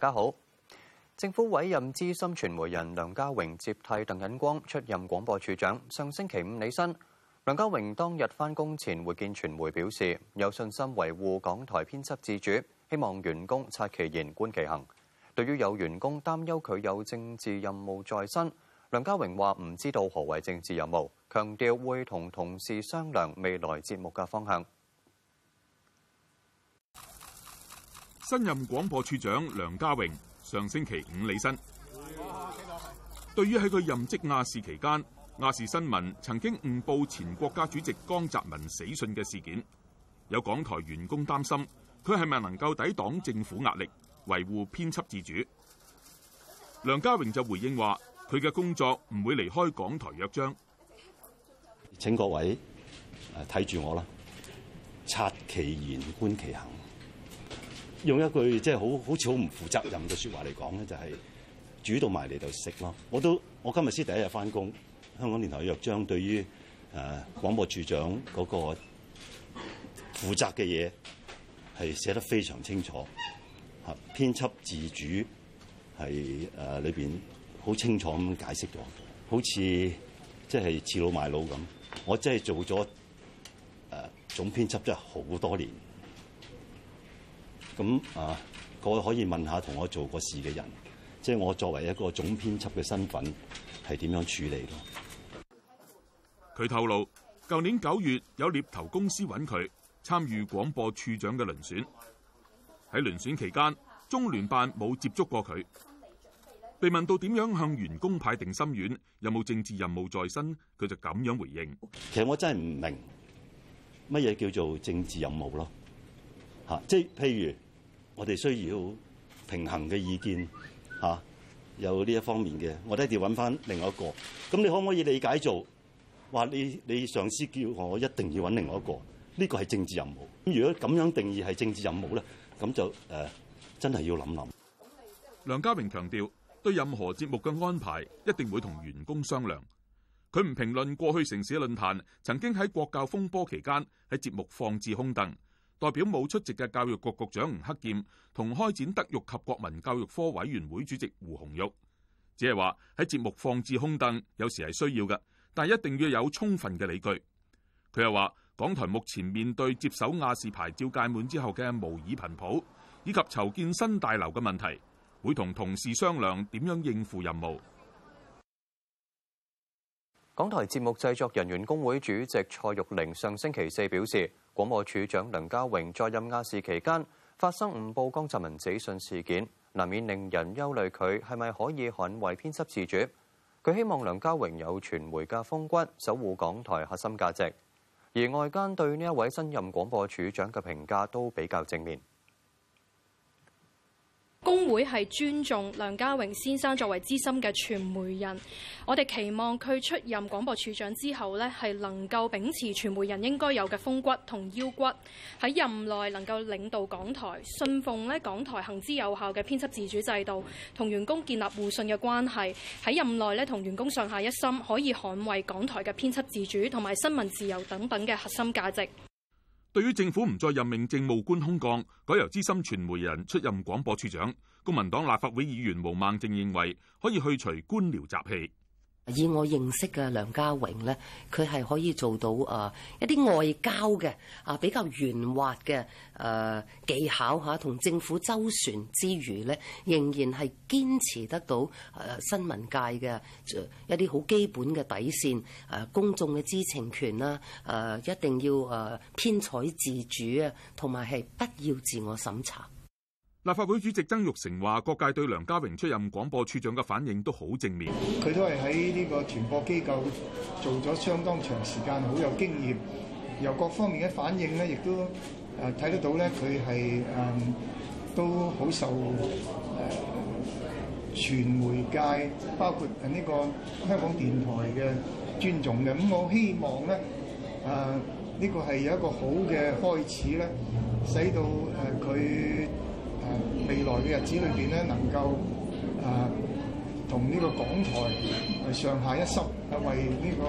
大家好，政府委任資深傳媒人梁家榮接替鄧忍光出任廣播處長。上星期五離任，梁家榮當日翻工，前會見傳媒，表示有信心維護港台編輯自主，希望員工察其言觀其行。對於有員工擔憂佢有政治任務在身，梁家榮話唔知道何為政治任務，強調會同同事商量未來節目嘅方向。新任廣播處長梁家榮上星期五履新。對於喺佢任職亞視期間，亞視新聞曾經誤報前國家主席江澤民死訊嘅事件，有港台員工擔心佢係咪能夠抵擋政府壓力，維護編輯自主。梁家榮就回應話：佢嘅工作唔會離開港台約章。請各位誒睇住我啦，察其言觀其行。用一句即係好好似好唔負責任嘅說話嚟講咧，就係煮到埋嚟就食咯。我都我今日先第一日返工。香港電台約章對於誒廣播處長個負責嘅嘢係寫得非常清楚。嚇、啊、編輯自主係誒、啊、裏邊好清楚咁解釋咗，好似即係恃老賣老咁。我真係做咗誒、啊、總編輯真係好多年。咁啊，各位可以問下同我做過事嘅人，即係我作為一個總編輯嘅身份，係點樣處理咯？佢透露，舊年九月有獵頭公司揾佢參與廣播處長嘅輪選。喺輪選期間，中聯辦冇接觸過佢。被問到點樣向員工派定心丸，有冇政治任務在身，佢就咁樣回應。其實我真係唔明乜嘢叫做政治任務咯。嚇，即係譬如。我哋需要平衡嘅意見吓、啊，有呢一方面嘅，我哋一定要揾翻另外一個，咁你可唔可以理解做話，你你上司叫我一定要揾另外一個呢、呢個係政治任務，咁如果咁樣定義係政治任務咧，咁就誒、啊、真係要諗諗。梁家榮強調，對任何節目嘅安排一定會同員工商量。佢唔評論過去城市論壇曾經喺國教風波期間喺節目放置空凳，代表冇出席嘅教育局局長吳克儉同開展德育及國民教育科委員會主席胡紅玉，只係話喺節目放置空凳有時係需要嘅，但一定要有充分嘅理據。佢又話，港台目前面對接手亞視牌照屆滿之後嘅模擬頻譜以及籌建新大樓嘅問題，會同同事商量點樣應付任務。港台節目製作人員工會主席蔡玉玲上星期四表示，廣播處長梁家榮在任亞視期間發生誤報江澤民死訊事件，難免令人憂慮佢係咪可以捍衛編輯自主。佢希望梁家榮有傳媒嘅風骨，守護港台核心價值。而外間對呢一位新任廣播處長嘅評價都比較正面。工會係尊重梁家榮先生作為資深嘅傳媒人，我哋期望佢出任廣播處長之後呢係能夠秉持傳媒人應該有嘅風骨同腰骨，喺任內能夠領導港台，信奉呢港台行之有效嘅編輯自主制度，同員工建立互信嘅關係，喺任內呢，同員工上下一心，可以捍衛港台嘅編輯自主同埋新聞自由等等嘅核心價值。對於政府唔再任命政務官空降，改由資深傳媒人出任廣播處長，公民黨立法會議員毛孟靜認為可以去除官僚習氣。以我認識嘅梁家榮咧，佢係可以做到誒一啲外交嘅啊，比較圓滑嘅誒技巧吓，同政府周旋之餘咧，仍然係堅持得到誒新聞界嘅一啲好基本嘅底線誒，公眾嘅知情權啦誒，一定要誒編採自主啊，同埋係不要自我審查。立法會主席曾玉成話：各界對梁家榮出任廣播處長嘅反應都好正面。佢都係喺呢個傳播機構做咗相當長時間，好有經驗。由各方面嘅反應咧，亦都誒睇、呃、得到咧，佢係誒都好受傳、呃、媒界，包括誒呢個香港電台嘅尊重嘅。咁、嗯、我希望咧，誒、呃、呢、呢個係有一個好嘅開始咧，使到誒佢。呃佢未來嘅日子裏邊咧，能夠誒同呢個港台係上下一心，係為呢個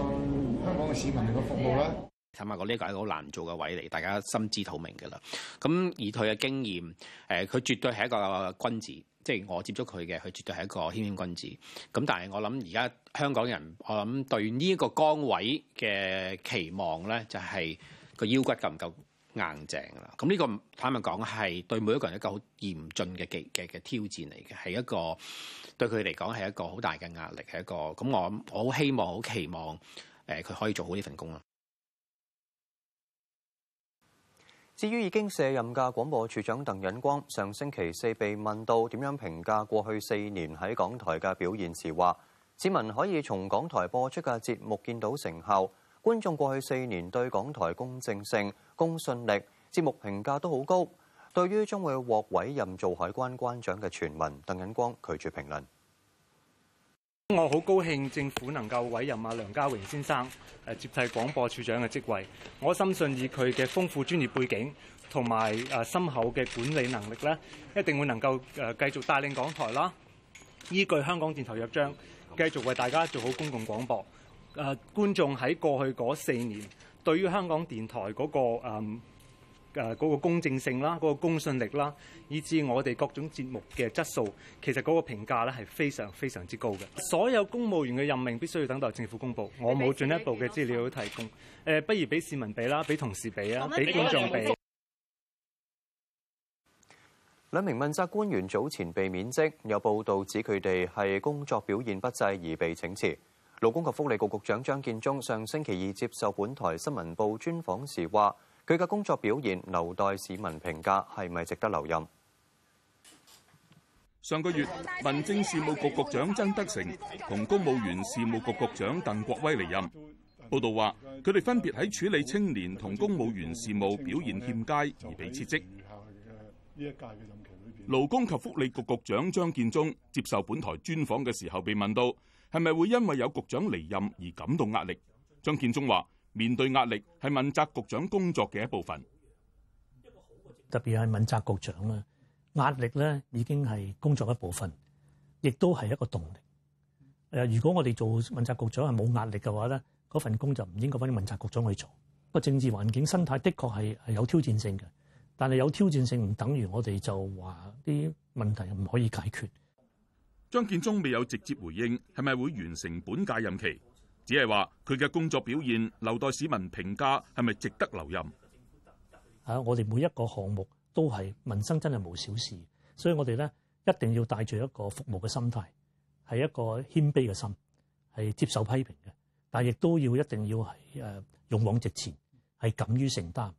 香港嘅市民嚟個服務啦。坦白講，呢個係好難做嘅位嚟，大家心知肚明嘅啦。咁而佢嘅經驗，誒、呃、佢絕對係一個君子，即係我接觸佢嘅，佢絕對係一個謙謙君子。咁但係我諗而家香港人，我諗對呢一個崗位嘅期望咧，就係、是、個腰骨夠唔夠？硬淨啦，咁、這、呢個坦白講係對每一個人一個好嚴峻嘅嘅嘅挑戰嚟嘅，係一個對佢嚟講係一個好大嘅壓力，係一個，咁我我好希望好期望誒佢可以做好呢份工啦。至於已經卸任嘅廣播處長鄧忍光，上星期四被問到點樣評價過去四年喺港台嘅表現時，話市民可以從港台播出嘅節目見到成效。觀眾過去四年對港台公正性、公信力、節目評價都好高。對於將會獲委任做海關關長嘅傳聞，鄧忍光拒絕評論。我好高興政府能夠委任阿梁家榮先生接替廣播處長嘅職位。我深信以佢嘅豐富專業背景同埋深厚嘅管理能力咧，一定會能夠誒繼續帶領港台啦，依據香港電台約章，繼續為大家做好公共廣播。誒觀眾喺過去嗰四年，對於香港電台嗰個誒誒嗰個公正性啦、嗰個公信力啦，以至我哋各種節目嘅質素，其實嗰個評價咧係非常非常之高嘅。所有公務員嘅任命必須要等待政府公佈，我冇進一步嘅資料提供。誒，不如俾市民俾啦，俾同事俾啦，俾觀眾俾。兩名問責官員早前被免職，有報道指佢哋係工作表現不濟而被請辭。勞工及福利局局長張建宗上星期二接受本台新聞部專訪時話：佢嘅工作表現留待市民評價，係咪值得留任？上個月民政事務局局長曾德成同公務員事務局局長鄧國威離任。報道話佢哋分別喺處理青年同公務員事務表現欠佳而被撤職。勞工及福利局局長張建宗接受本台專訪嘅時候被問到。係咪會因為有局長離任而感到壓力？張建宗話：面對壓力係問責局長工作嘅一部分，特別係問責局長啦，壓力咧已經係工作一部分，亦都係一個動力。誒，如果我哋做問責局長係冇壓力嘅話咧，份工就唔應該翻啲問責局長去做。個政治環境生態的確係係有挑戰性嘅，但係有挑戰性唔等於我哋就話啲問題唔可以解決。張建宗未有直接回應，係咪會完成本屆任期？只係話佢嘅工作表現，留待市民評價，係咪值得留任？啊，我哋每一個項目都係民生，真係冇小事，所以我哋咧一定要帶住一個服務嘅心態，係一個謙卑嘅心，係接受批評嘅，但亦都要一定要誒勇往直前，係敢於承擔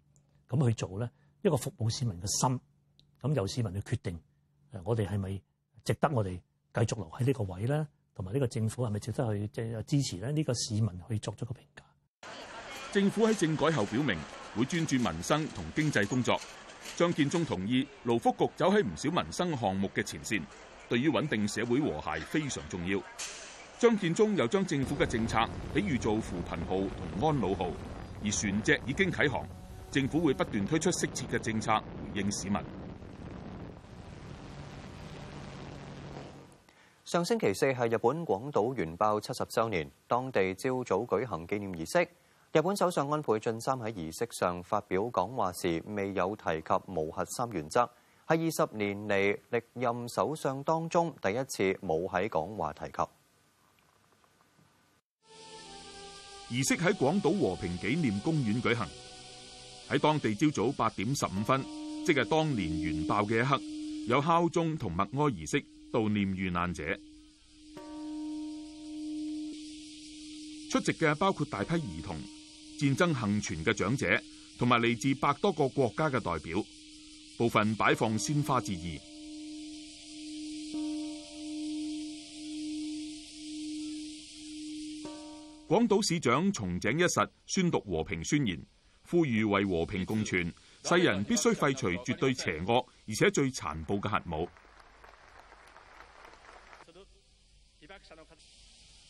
咁去做咧。一個服務市民嘅心，咁由市民去決定誒，我哋係咪值得我哋？繼續留喺呢個位咧，同埋呢個政府係咪值得去即支持呢？呢個市民去作咗個評價。政府喺政改後表明會專注民生同經濟工作。張建宗同意，勞福局走喺唔少民生項目嘅前線，對於穩定社會和諧非常重要。張建宗又將政府嘅政策比如做扶貧號同安老號，而船隻已經啟航，政府會不斷推出適切嘅政策回應市民。上星期四係日本廣島原爆七十週年，當地朝早舉行紀念儀式。日本首相安倍晉三喺儀式上發表講話時，未有提及無核三原則，係二十年嚟歷任首相當中第一次冇喺講話提及。儀式喺廣島和平紀念公園舉行，喺當地朝早八點十五分，即係當年原爆嘅一刻，有敲鐘同默哀儀式。悼念遇難者，出席嘅包括大批兒童、戰爭幸存嘅長者，同埋嚟自百多個國家嘅代表，部分擺放鮮花致意。廣島市長松井一實宣讀和平宣言，呼籲為和平共存，世人必須廢除絕對邪惡而且最殘暴嘅核武。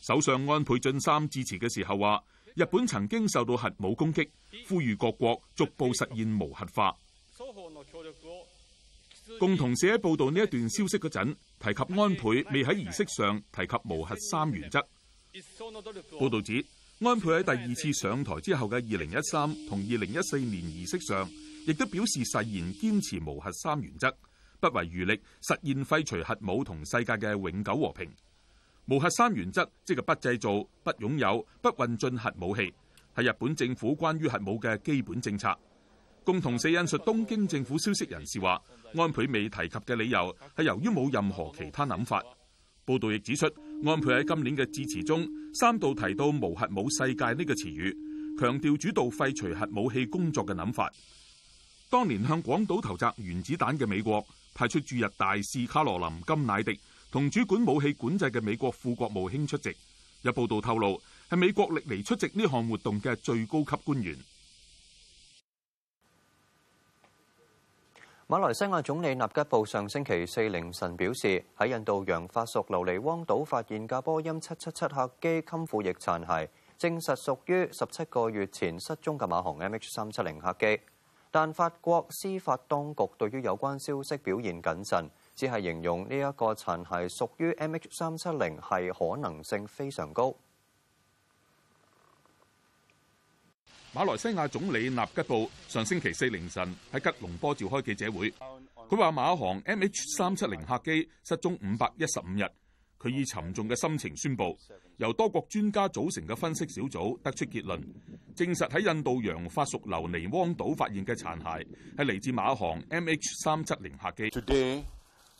首相安倍晉三致辭嘅時候話，日本曾經受到核武攻擊，呼籲各國逐步實現無核化。共同社喺報道呢一段消息嗰陣提及，安倍未喺儀式上提及無核三原則。報道指，安倍喺第二次上台之後嘅二零一三同二零一四年儀式上，亦都表示誓言堅持無核三原則，不遺餘力實現廢除核武同世界嘅永久和平。無核三原則即係不製造、不擁有、不運進核武器，係日本政府關於核武嘅基本政策。共同社引述東京政府消息人士話，安倍未提及嘅理由係由於冇任何其他諗法。報道亦指出，安倍喺今年嘅致辭中三度提到無核武世界呢個詞語，強調主導廢除核武器工作嘅諗法。當年向廣島投擲原子彈嘅美國派出駐日大使卡羅琳·甘迺迪。同主管武器管制嘅美國副國務卿出席，有報道透露係美國歷嚟出席呢項活動嘅最高級官員。馬來西亞總理納吉布上星期四凌晨表示，喺印度洋法屬留尼汪島發現嘅波音七七七客機襟副翼殘骸，證實屬於十七個月前失蹤嘅馬航 MH 三七零客機。但法國司法當局對於有關消息表現謹慎。只係形容呢一個殘骸屬於 M H 三七零係可能性非常高。馬來西亞總理納吉布上星期四凌晨喺吉隆坡召開記者會，佢話馬航 M H 三七零客機失蹤五百一十五日，佢以沉重嘅心情宣布，由多國專家組成嘅分析小組得出結論，證實喺印度洋法屬留尼汪島發現嘅殘骸係嚟自馬航 M H 三七零客機。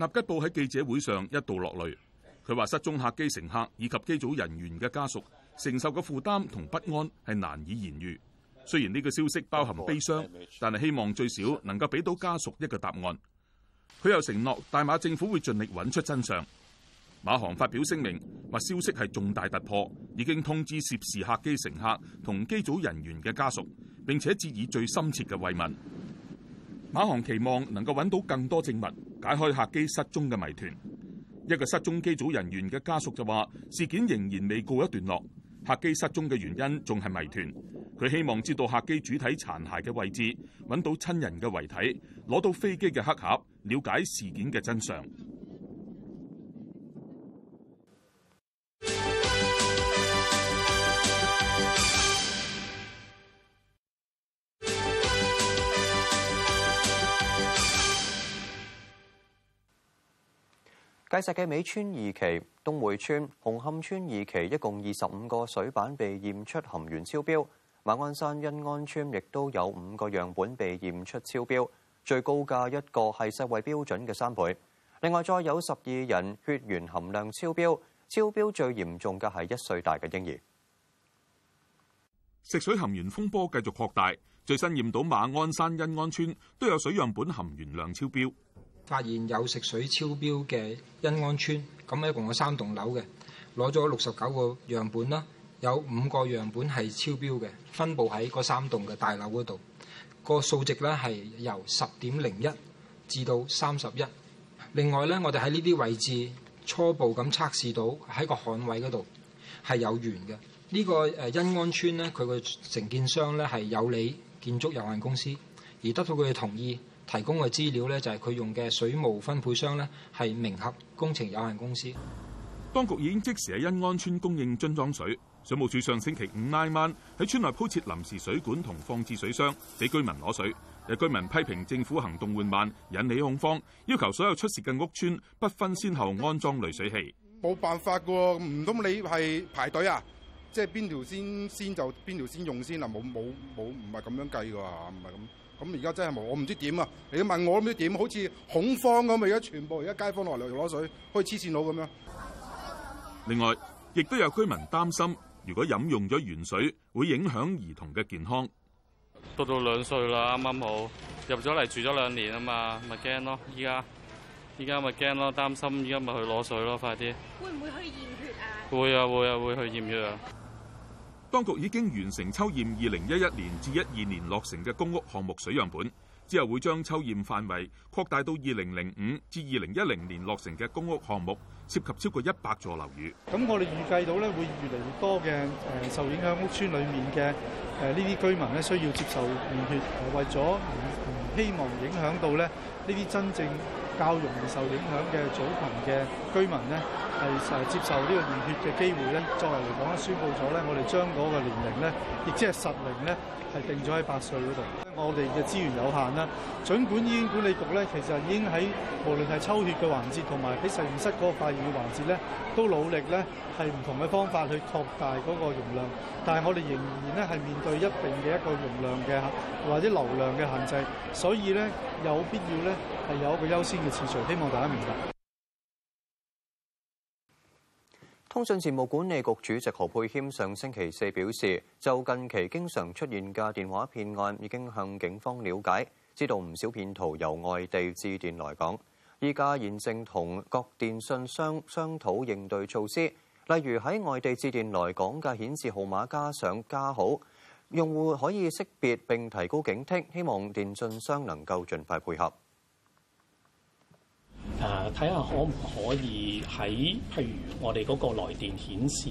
納吉布喺記者會上一度落淚，佢話失蹤客機乘客以及機組人員嘅家屬承受嘅負擔同不安係難以言喻。雖然呢個消息包含悲傷，但係希望最少能夠俾到家屬一個答案。佢又承諾大馬政府會盡力揾出真相。馬航發表聲明話，消息係重大突破，已經通知涉事客機乘客同機組人員嘅家屬，並且致以最深切嘅慰問。馬航期望能夠揾到更多證物。解開客機失蹤嘅謎團，一個失蹤機組人員嘅家屬就話：事件仍然未告一段落，客機失蹤嘅原因仲係謎團。佢希望知道客機主體殘骸嘅位置，揾到親人嘅遺體，攞到飛機嘅黑盒，了解事件嘅真相。界石嘅美村二期、東匯村、紅磡村二期，一共二十五個水辦被驗出含鉛超標。馬鞍山欣安村亦都有五個樣本被驗出超標，最高嘅一個係世衛標準嘅三倍。另外再有十二人血鉛含量超標，超標最嚴重嘅係一歲大嘅嬰兒。食水含鉛風波繼續擴大，最新驗到馬鞍山欣安村都有水樣本含鉛量超標。發現有食水超標嘅欣安村，咁咧一共有三棟樓嘅，攞咗六十九個樣本啦，有五個樣本係超標嘅，分布喺嗰三棟嘅大樓嗰度。個數值咧係由十點零一至到三十一。另外咧，我哋喺呢啲位置初步咁測試到喺個捍位嗰度係有鉛嘅。呢、這個誒欣安村咧，佢個承建商咧係有利建築有限公司，而得到佢嘅同意。提供嘅資料呢，就係佢用嘅水務分配箱。呢係明合工程有限公司。當局已經即時喺恩安村供應樽裝水，水。水務署上星期五挨晚喺村內鋪設臨時水管同放置水箱，俾居民攞水。有居民批評政府行動緩慢，引起恐慌，要求所有出事嘅屋村不分先後安裝濾水器。冇辦法噶喎，唔通你係排隊啊？即係邊條先先就邊條先用先啊？冇冇冇，唔係咁樣計噶唔係咁。咁而家真係冇我唔知點啊！你問我都唔知點，好似恐慌咁啊！而家全部而家街坊落嚟攞水，好似黐線佬咁樣。另外，亦都有居民擔心，如果飲用咗鉛水，會影響兒童嘅健康。到到兩歲啦，啱啱好入咗嚟住咗兩年啊嘛，咪驚咯！依家依家咪驚咯，擔心依家咪去攞水咯，快啲！會唔會去驗血啊？會啊會啊會去驗血啊！當局已經完成抽驗二零一一年至一二年落成嘅公屋項目水樣本，之後會將抽驗範圍擴大到二零零五至二零一零年落成嘅公屋項目，涉及超過一百座樓宇。咁我哋預計到咧，會越嚟越多嘅誒受影響屋邨裡面嘅誒呢啲居民咧，需要接受驗血。為咗希望影響到咧呢啲真正較容易受影響嘅組群嘅居民咧。係接受呢個驗血嘅機會咧，作為嚟講咧，宣布咗咧，我哋將嗰個年齡咧，亦即係實齡咧，係定咗喺八歲嗰度。我哋嘅資源有限啦，儘管醫院管理局咧，其實已經喺無論係抽血嘅環節同埋喺實驗室嗰個化驗嘅環節咧，都努力咧係唔同嘅方法去擴大嗰個容量，但係我哋仍然咧係面對一定嘅一個容量嘅或者流量嘅限制，所以咧有必要咧係有一個優先嘅次序，希望大家明白。通訊事務管理局主席何沛謙上星期四表示，就近期經常出現嘅電話騙案，已經向警方了解，知道唔少騙徒由外地致電來港，依家現正同各電信商商討應對措施，例如喺外地致電來港嘅顯示號碼加上加號，用戶可以識別並提高警惕，希望電信商能夠盡快配合。誒睇下可唔可以喺譬如我哋嗰個來電顯示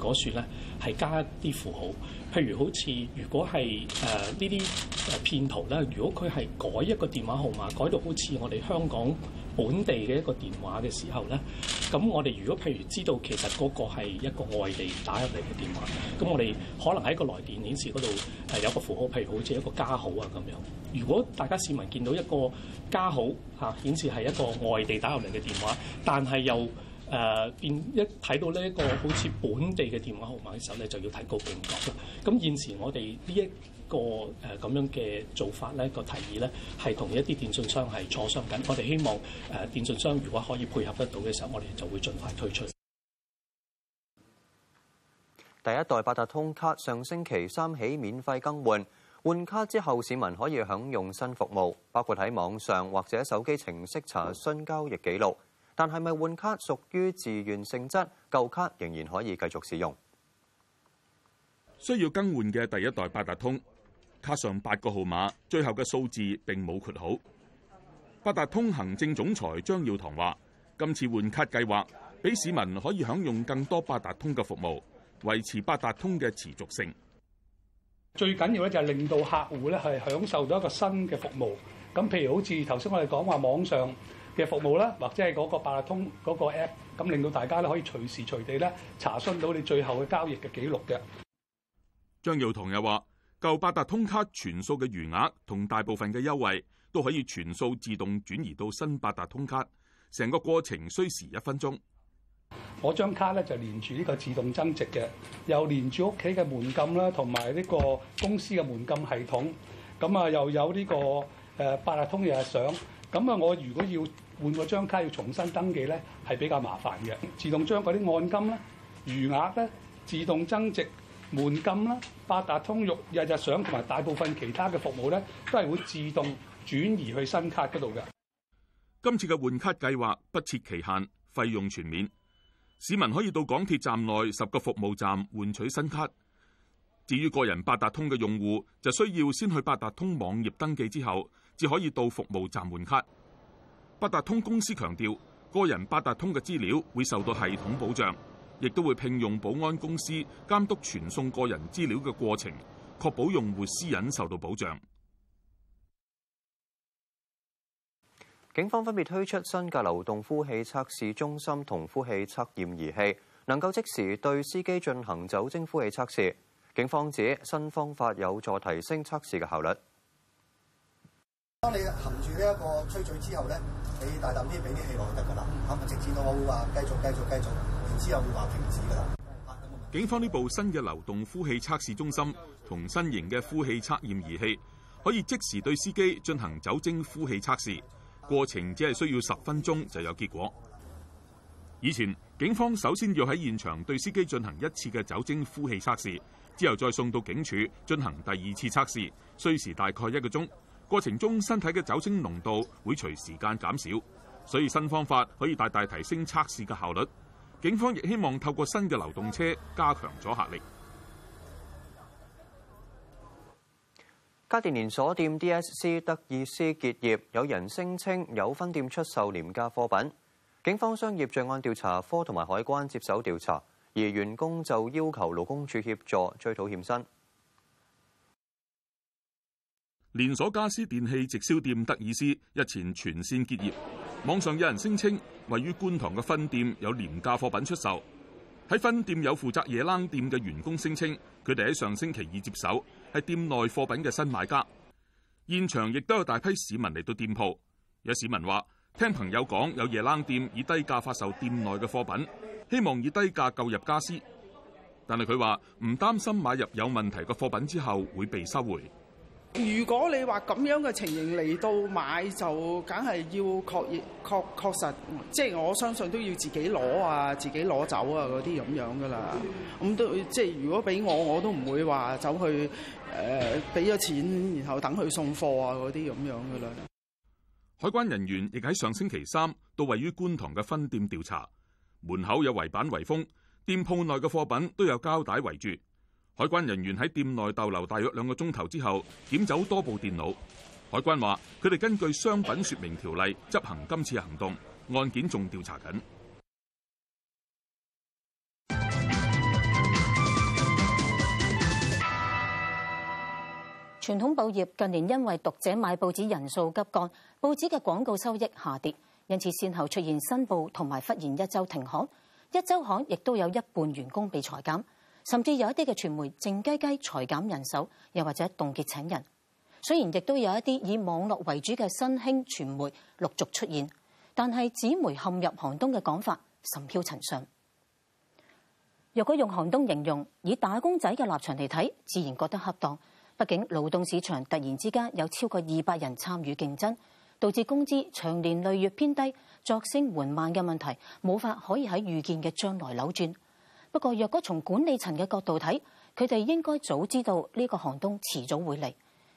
嗰處咧，係加一啲符號，譬如好似如果係誒、呃、呢啲誒騙徒咧，如果佢係改一個電話號碼，改到好似我哋香港本地嘅一個電話嘅時候咧。咁我哋如果譬如知道其實嗰個係一個外地打入嚟嘅電話，咁我哋可能喺個來電顯示嗰度誒有一個符號，譬如好似一個加號啊咁樣。如果大家市民見到一個加號吓、啊、顯示係一個外地打入嚟嘅電話，但係又誒變、呃、一睇到呢一個好似本地嘅電話號碼嘅時候咧，就要提高警覺啦。咁現時我哋呢一個誒咁樣嘅做法，呢個提議呢係同一啲電訊商係磋商緊。我哋希望誒電訊商如果可以配合得到嘅時候，我哋就會盡快推出。第一代八達通卡上星期三起免費更換，換卡之後市民可以享用新服務，包括喺網上或者手機程式查詢交易記錄。但係咪換卡屬於自願性質？舊卡仍然可以繼續使用。需要更換嘅第一代八達通卡上八個號碼，最後嘅數字並冇括號。八達通行政總裁張耀堂話，今次換卡計劃俾市民可以享用更多八達通嘅服務，維持八達通嘅持續性。最緊要咧就係令到客戶咧係享受到一個新嘅服務。咁譬如好似頭先我哋講話網上嘅服務啦，或者係嗰個八達通嗰個 app，咁令到大家咧可以隨時隨地咧查詢到你最後嘅交易嘅記錄嘅。張耀堂又話。舊八達通卡全數嘅餘額同大部分嘅優惠都可以全數自動轉移到新八達通卡，成個過程需時一分鐘。我張卡咧就連住呢個自動增值嘅，又連住屋企嘅門禁啦，同埋呢個公司嘅門禁系統，咁啊又有呢個誒八達通嘅日日賞。咁啊，我如果要換個張卡要重新登記咧，係比較麻煩嘅。自動將嗰啲按金咧、餘額咧、自動增值門禁啦、八達通日日賞同埋大部分其他嘅服務咧，都係會自動轉移去新卡嗰度嘅。今次嘅換卡計劃不設期限，費用全免。市民可以到港鐵站內十個服務站換取新卡。至於個人八達通嘅用戶，就需要先去八達通網頁登記之後，至可以到服務站換卡。八達通公司強調，個人八達通嘅資料會受到系統保障。亦都會聘用保安公司監督傳送個人資料嘅過程，確保用戶私隱受到保障。警方分別推出新嘅流動呼氣測試中心同呼氣測驗儀器，能夠即時對司機進行酒精呼氣測試。警方指新方法有助提升測試嘅效率。當你含住呢一個吹嘴之後呢，你大啖啲俾啲氣落去得噶啦。啊、嗯，直至到我會話繼續、繼續、繼續，之後會話停止噶啦。警方呢部新嘅流動呼氣測試中心，同新型嘅呼氣測驗儀器，可以即時對司機進行酒精呼氣測試，過程只係需要十分鐘就有結果。以前警方首先要喺現場對司機進行一次嘅酒精呼氣測試，之後再送到警署進行第二次測試，需時大概一個鐘。過程中，身體嘅酒精濃度會隨時間減少，所以新方法可以大大提升測試嘅效率。警方亦希望透過新嘅流動車加強阻嚇力。家電連鎖店 DSC 德爾斯結業，有人聲稱有分店出售廉價貨品。警方商業罪案調查科同埋海關接手調查，而員工就要求勞工處協助追討欠薪。連鎖家私電器直銷店德爾斯日前全線結業，網上有人聲稱位於觀塘嘅分店有廉價貨品出售。喺分店有負責夜冷店嘅員工聲稱，佢哋喺上星期二接手，係店內貨品嘅新買家。現場亦都有大批市民嚟到店鋪，有市民話聽朋友講有夜冷店以低價發售店內嘅貨品，希望以低價購入家私。但係佢話唔擔心買入有問題嘅貨品之後會被收回。如果你話咁樣嘅情形嚟到買就，梗係要確認、確確實，即係我相信都要自己攞啊，自己攞走啊，嗰啲咁樣噶啦。咁都即係如果俾我，我都唔會話走去誒，俾、呃、咗錢然後等佢送貨啊，嗰啲咁樣噶啦。海關人員亦喺上星期三到位於觀塘嘅分店調查，門口有圍板圍封，店鋪內嘅貨品都有膠帶圍住。海關人員喺店內逗留大約兩個鐘頭之後，檢走多部電腦。海關話：佢哋根據商品説明條例執行今次行動，案件仲調查緊。傳統報業近年因為讀者買報紙人數急降，報紙嘅廣告收益下跌，因此先後出現新報同埋忽然一周停刊，一周刊亦都有一半員工被裁減。甚至有一啲嘅傳媒靜雞雞裁減人手，又或者凍結請人。雖然亦都有一啲以網絡為主嘅新興傳媒陸續出現，但係紙媒陷入寒冬嘅講法甚囂塵上。若果用寒冬形容，以打工仔嘅立場嚟睇，自然覺得恰當。畢竟勞動市場突然之間有超過二百人參與競爭，導致工資長年累月偏低、作升緩慢嘅問題，冇法可以喺預見嘅將來扭轉。不過，若果從管理層嘅角度睇，佢哋應該早知道呢個寒冬遲早會嚟。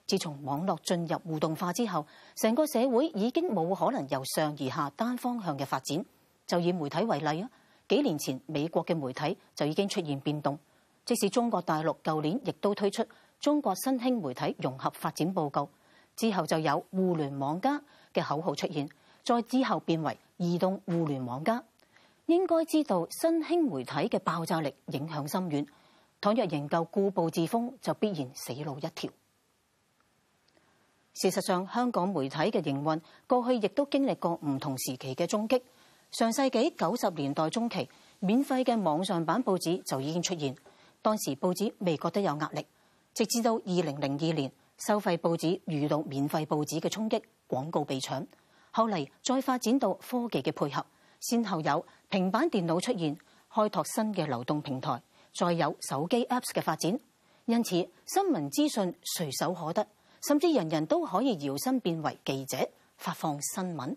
自從網絡進入互動化之後，成個社會已經冇可能由上而下單方向嘅發展。就以媒體為例啊，幾年前美國嘅媒體就已經出現變動，即使中國大陸舊年亦都推出《中國新興媒體融合發展報告》，之後就有互聯網加嘅口號出現，再之後變為移動互聯網加。應該知道，新興媒體嘅爆炸力影響深遠。倘若仍舊固步自封，就必然死路一條。事實上，香港媒體嘅營運過去亦都經歷過唔同時期嘅衝擊。上世紀九十年代中期，免費嘅網上版報紙就已經出現，當時報紙未覺得有壓力。直至到二零零二年，收費報紙遇到免費報紙嘅衝擊，廣告被搶。後嚟再發展到科技嘅配合，先後有。平板電腦出現，開拓新嘅流動平台；再有手機 Apps 嘅發展，因此新聞資訊隨手可得，甚至人人都可以搖身變為記者，發放新聞。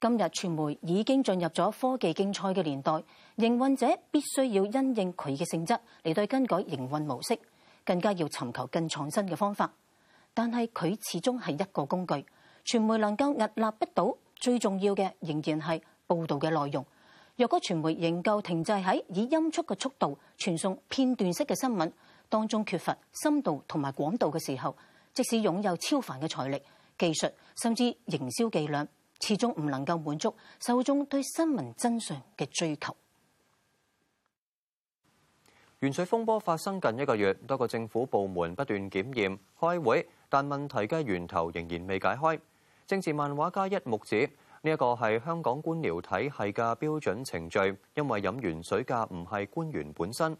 今日傳媒已經進入咗科技競賽嘅年代，營運者必須要因應佢嘅性質嚟對更改營運模式，更加要尋求更創新嘅方法。但係佢始終係一個工具，傳媒能夠屹立不倒，最重要嘅仍然係。報導嘅內容，若果傳媒仍舊停滯喺以音速嘅速度傳送片段式嘅新聞，當中缺乏深度同埋廣度嘅時候，即使擁有超凡嘅財力、技術甚至營銷伎倆，始終唔能夠滿足受眾對新聞真相嘅追求。鉛水風波發生近一個月，多個政府部門不斷檢驗、開會，但問題嘅源頭仍然未解開。政治漫畫家一木子。呢、這、一個係香港官僚體系嘅標準程序，因為飲完水嘅唔係官員本身。